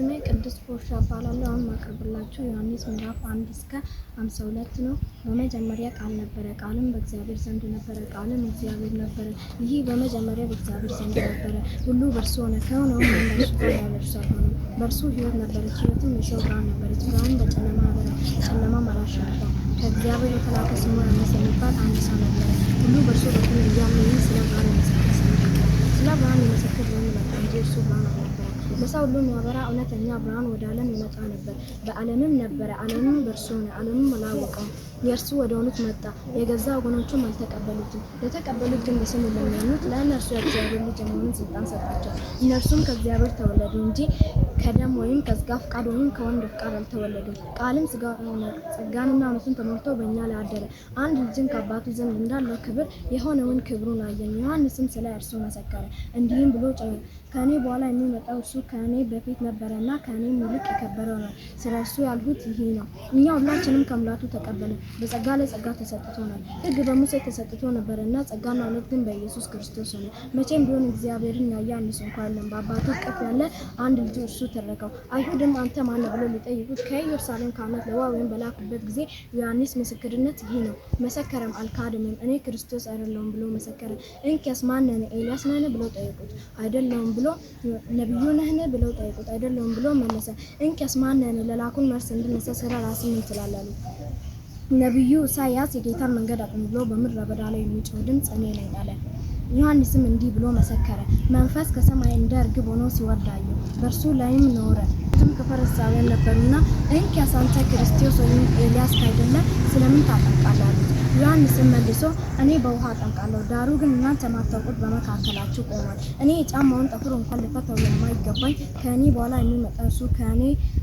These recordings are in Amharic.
ስሜ ቅድስት ፖርሻ እባላለሁ። አሁን ማቅረብላችሁ ዮሐንስ ምዕራፍ አንድ እስከ ሃምሳ ሁለት ነው። በመጀመሪያ ቃል ነበረ፣ ቃልም በእግዚአብሔር ዘንድ ነበረ፣ ቃልም እግዚአብሔር ነበረ። ይህ በመጀመሪያ በእግዚአብሔር ዘንድ ነበረ። ሁሉ በእርሱ ሆነ፣ ከሆነውም ያለ እርሱ በእርሱ ነበረች፣ የሰው ብርሃን ነበረች። ብርሃኑም በጨለማ አበራ፣ ጨለማም አላሸነፈውም። ከእግዚአብሔር የተላከ ስሙ ዮሐንስ የሚባል አንድ ሰው ነበረ። ሁሉ በእርሱ በኩል እያመኑ ስለ ብርሃን ይመሰክር ስለ ብርሃን ይመሰክር ዘንድ መጣ እንጂ እርሱ ብርሃን አልነበረም። ለሰው ሁሉ የሚያበራ እውነተኛ ብርሃን ወደ ዓለም ይመጣ ነበር። በዓለምም ነበረ፣ ዓለምም በእርሱ ሆነ፣ ዓለምም አላወቀውም። የእርሱ ወደ ሆኑት መጣ። የገዛ ወገኖቹም አልተቀበሉትም። ለተቀበሉት ግን በስሙ ለሚያምኑት ለእነርሱ የእግዚአብሔር ልጅ የመሆኑን ስልጣን ሰጣቸው። እነርሱም ከእግዚአብሔር ተወለዱ እንጂ ከደም ወይም ከሥጋ ፍቃድ ወይም ከወንድ ፍቃድ አልተወለዱም። ቃልም ሥጋ ሆነ፣ ጸጋንና እውነትን ተሞልቶ በእኛ ላይ አደረ። አንድ ልጅም ከአባቱ ዘንድ እንዳለው ክብር የሆነውን ክብሩን አየን። ዮሐንስም ስለ እርሱ መሰከረ፣ እንዲህም ብሎ ጮኸ፣ ከእኔ በኋላ የሚመጣው እርሱ ከእኔ በፊት ነበረና ከእኔም ይልቅ የከበረ ነው። ስለ እርሱ ያልሁት ይህ ነው። እኛ ሁላችንም ከሙላቱ ተቀበልን። በጸጋ ላይ ጸጋ ነው። ሕግ በሙሴ ተሰጥቶ ነበር እና ጸጋና እውነት ግን በኢየሱስ ክርስቶስ ነው። መቼም ቢሆን እግዚአብሔርን ያየ አንድ ስንኳ የለም። በአባቱ እቅፍ ያለ አንድ ልጅ እርሱ ተረከው። አይሁድም አንተ ማን ብሎ ሊጠይቁት ከኢየሩሳሌም ከአመት ለዋ ወይም በላኩበት ጊዜ ዮሐንስ ምስክርነት ይህ ነው፣ መሰከረም አልካድምም፣ እኔ ክርስቶስ አይደለሁም ብሎ መሰከረ። እንኪያስ ማን ነህ? ኤልያስ ነህን? ብሎ ጠይቁት፣ አይደለሁም ብሎ ነቢዩ ነህን? ብሎ ጠይቁት፣ አይደለሁም ብሎ መለሰ። እንኪያስ ማን ነህ? ለላኩን መርስ እንድነሳ ስራ ራስን እንችላለን ነቢዩ ኢሳያስ የጌታን መንገድ አቅኑ ብሎ በምድረ በዳ ላይ የሚጮህ ድምፅ እኔ ነኝ አለ። ዮሐንስም እንዲህ ብሎ መሰከረ፣ መንፈስ ከሰማይ እንደ እርግብ ሆኖ ሲወርድ አየሁ፣ በእርሱ ላይም ኖረ። ም ከፈሪሳውያን ነበሩና እንኪያስ አንተ ክርስቶስ ወይም ኤልያስ ካይደለ ስለምን ታጠቃለ? ዮሐንስም መልሶ እኔ በውሃ አጠምቃለሁ፣ ዳሩ ግን እናንተ ማታውቁት በመካከላችሁ ቆሟል። እኔ የጫማውን ጠፍር እንኳን ልፈተው የማይገባኝ ከእኔ በኋላ የሚመጣ እርሱ ከእኔ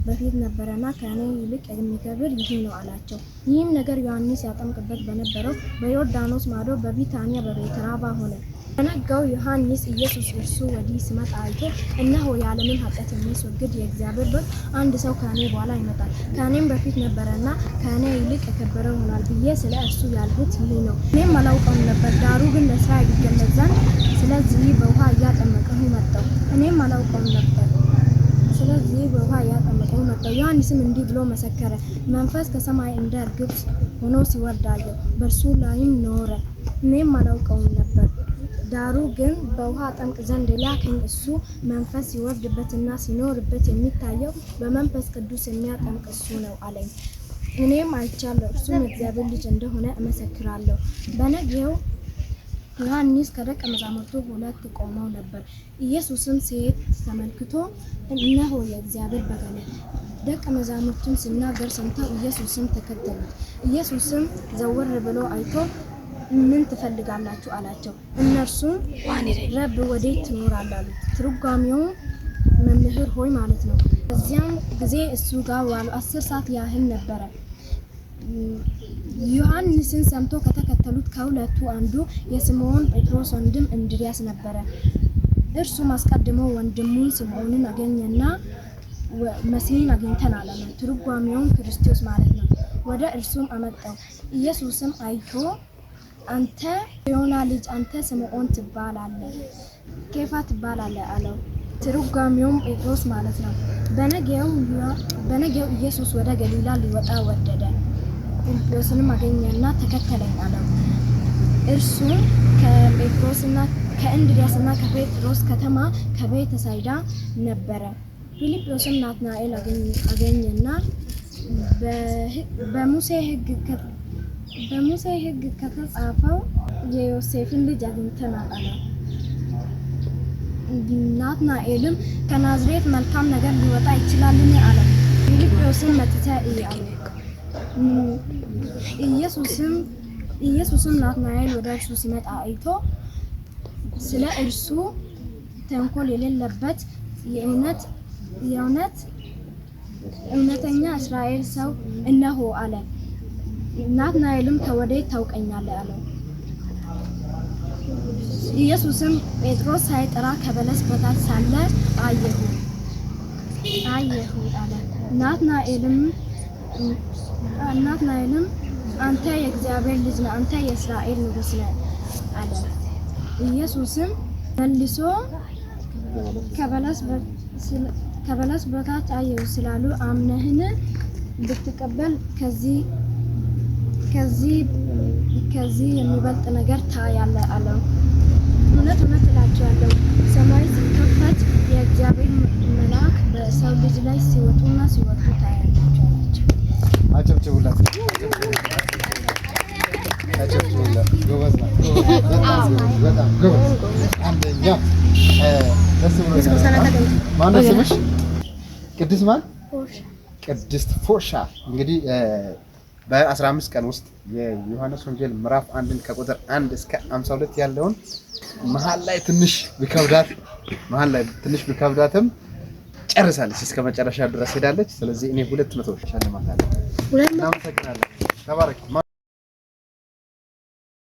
በፊት ነበረና ከእኔ ይልቅ የሚከብር ይህ ነው አላቸው። ይህም ነገር ዮሐንስ ያጠምቅበት በነበረው በዮርዳኖስ ማዶ በቢታንያ በቤት ሆነ። በነጋው ዮሐንስ ኢየሱስ እርሱ ወዲህ ሲመጣ አይቶ እነሆ የዓለምን ኃጢአት የሚያስወግድ የእግዚአብሔር በግ አንድ ሰው ከእኔ በኋላ ይመጣል፣ ከእኔም በፊት ነበረና ከእኔ ይልቅ የከበረ ሆኗል ብዬ ስለ እርሱ ያልሁት ይህ ነው። እኔም አላውቀውም ነበር፣ ዳሩ ግን ለእስራኤል ይገለጥ ዘንድ ስለዚህ በውሃ እያጠመቅሁ መጣሁ። እኔም አላውቀውም ነበር ስለዚህ በውሃ እያጠመቀኝ መጣሁ። ዮሐንስም እንዲህ ብሎ መሰከረ፣ መንፈስ ከሰማይ እንደ ርግብ ሆኖ ሲወርድ አየሁ፣ በእርሱ ላይም ኖረ። እኔም አላውቀውም ነበር ዳሩ ግን በውሃ ጠምቅ ዘንድ ላከኝ። እሱ መንፈስ ሲወርድበትና ሲኖርበት የሚታየው በመንፈስ ቅዱስ የሚያጠምቅ እሱ ነው አለኝ። እኔም አይቻለሁ፣ እርሱም እግዚአብሔር ልጅ እንደሆነ እመሰክራለሁ። በነገው ዮሐንስ ከደቀ መዛሙርቱ ሁለት ቆመው ነበር። ኢየሱስም ሴት ተመልክቶ እነሆ የእግዚአብሔር በግ ደቀ መዛሙርቱን ሲናገር ሰምተው ኢየሱስም ተከተሉት። ኢየሱስም ዘወር ብሎ አይቶ ምን ትፈልጋላችሁ አላቸው። እነርሱም ረብ ወዴት ትኖራል አሉ። ትርጓሚው መምህር ሆይ ማለት ነው። በዚያም ጊዜ እሱ ጋር ዋሉ አስር ሰዓት ያህል ነበረ። ዮሐንስን ሰምቶ ከተከተሉት ከሁለቱ አንዱ የስምዖን ጴጥሮስ ወንድም እንድሪያስ ነበረ። እርሱም አስቀድሞ ወንድሙን ስምዖንን አገኘና መሲህን አግኝተን አለ። ትርጓሜውም ክርስቶስ ማለት ነው። ወደ እርሱም አመጣው። ኢየሱስም አይቶ አንተ የዮና ልጅ አንተ ስምዖን ትባላለህ፣ ኬፋ ትባላለህ አለው። ትርጓሜውም ጴጥሮስ ማለት ነው። በነገው ኢየሱስ ወደ ገሊላ ሊወጣ ወደደ። ፊልጵዎስንም አገኘና ተከተለኝ አለው። እርሱም ከጴጥሮስና ከእንድርያስና ከጴጥሮስ ከተማ ከቤተ ሳይዳ ነበረ። ፊልጶስም ናትናኤል አገኘና በሙሴ ሕግ በሙሴ ሕግ ከተጻፈው የዮሴፍን ልጅ አግኝተናል አለ። ናትናኤልም ከናዝሬት መልካም ነገር ሊወጣ ይችላልን? አለ። ፊልጶስም መጥተህ እይ ኢየሱስም ናትናኤል ወደ እርሱ ሲመጣ አይቶ ስለ እርሱ ተንኮል የሌለበት የእውነት የእውነት እውነተኛ እስራኤል ሰው እነሆ አለ። ናትናኤልም ከወዴት ታውቀኛለ አለው። ኢየሱስም ጴጥሮስ ሳይጠራ ከበለስ በታች ሳለ አየሁ አየሁ አለ። ናትናኤልም ናትናኤልም አንተ የእግዚአብሔር ልጅ ነህ፣ አንተ የእስራኤል ንጉሥ ነህ አለ። ኢየሱስም መልሶ ከበለስ በታች አየሁ ስላሉ አምነህን ብትቀበል ከዚህ ከዚህ የሚበልጥ ነገር ታያለ አለው። እውነት እውነት እላቸዋለሁ ሰማይ ሲከፈት የእግዚአብሔር መልአክ በሰው ልጅ ላይ ሲወጡና ሲወጡ ታያላቸው ቅድስት ማን? ቅድስት ፎሻ እንግዲህ በ15 ቀን ውስጥ የዮሐንስ ወንጌል ምዕራፍ አንድን ከቁጥር 1 እስከ 52 ያለውን መሀል ላይ ትንሽ ቢከብዳት መሀል ላይ ትንሽ ቢከብዳትም ጨርሳለች። እስከ መጨረሻ ድረስ ሄዳለች። ስለዚህ እኔ ሁለት መቶ ሻለማታለሁ። እናመሰግናለን። ተባረክ።